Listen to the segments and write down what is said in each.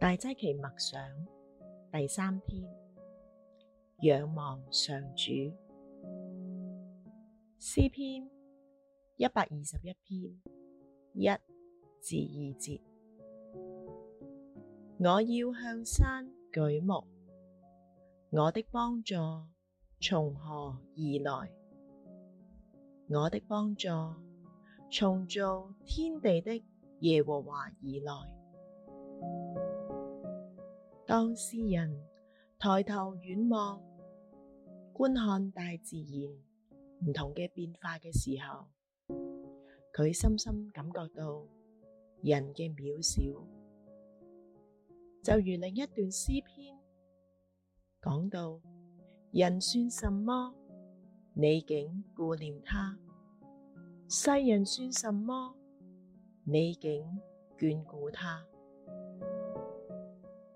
大齋期默想第三天，仰望上主，詩篇一百二十一篇一至二節。我要向山舉目，我的幫助從何而來？我的幫助從造天地的耶和華而來。當詩人抬頭遠望，觀看大自然唔同嘅變化嘅時候，佢深深感覺到人嘅渺小。就如另一段詩篇講到：人算什麼？你竟顧念他；世人算什麼？你竟眷顧他。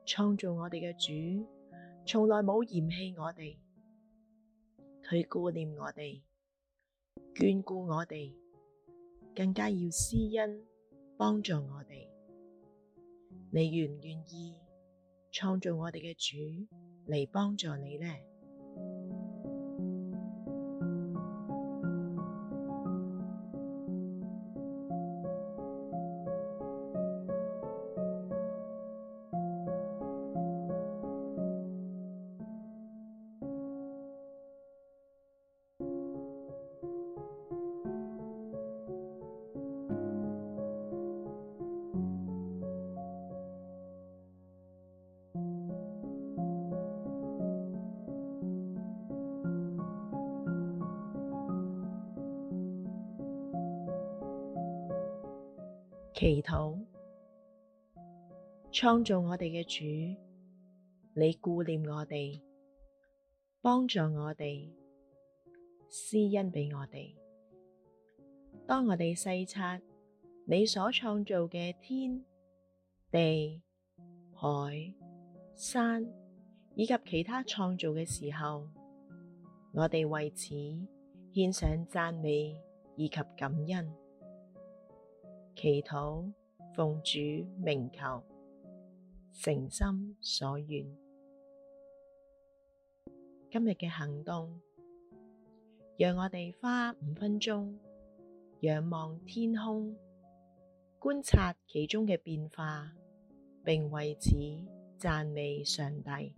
創造我哋嘅主，從來冇嫌棄我哋，佢顧念我哋，眷顧我哋，更加要施恩幫助我哋。你願唔願意創造我哋嘅主嚟幫助你呢？祈禱，創造我哋嘅主，你顧念我哋，幫助我哋，施恩俾我哋。當我哋細察你所創造嘅天、地、海、山以及其他創造嘅時候，我哋為此獻上讚美以及感恩。祈禱，奉主名求，誠心所願。今日嘅行動，讓我哋花五分鐘仰望天空，觀察其中嘅變化，並為此讚美上帝。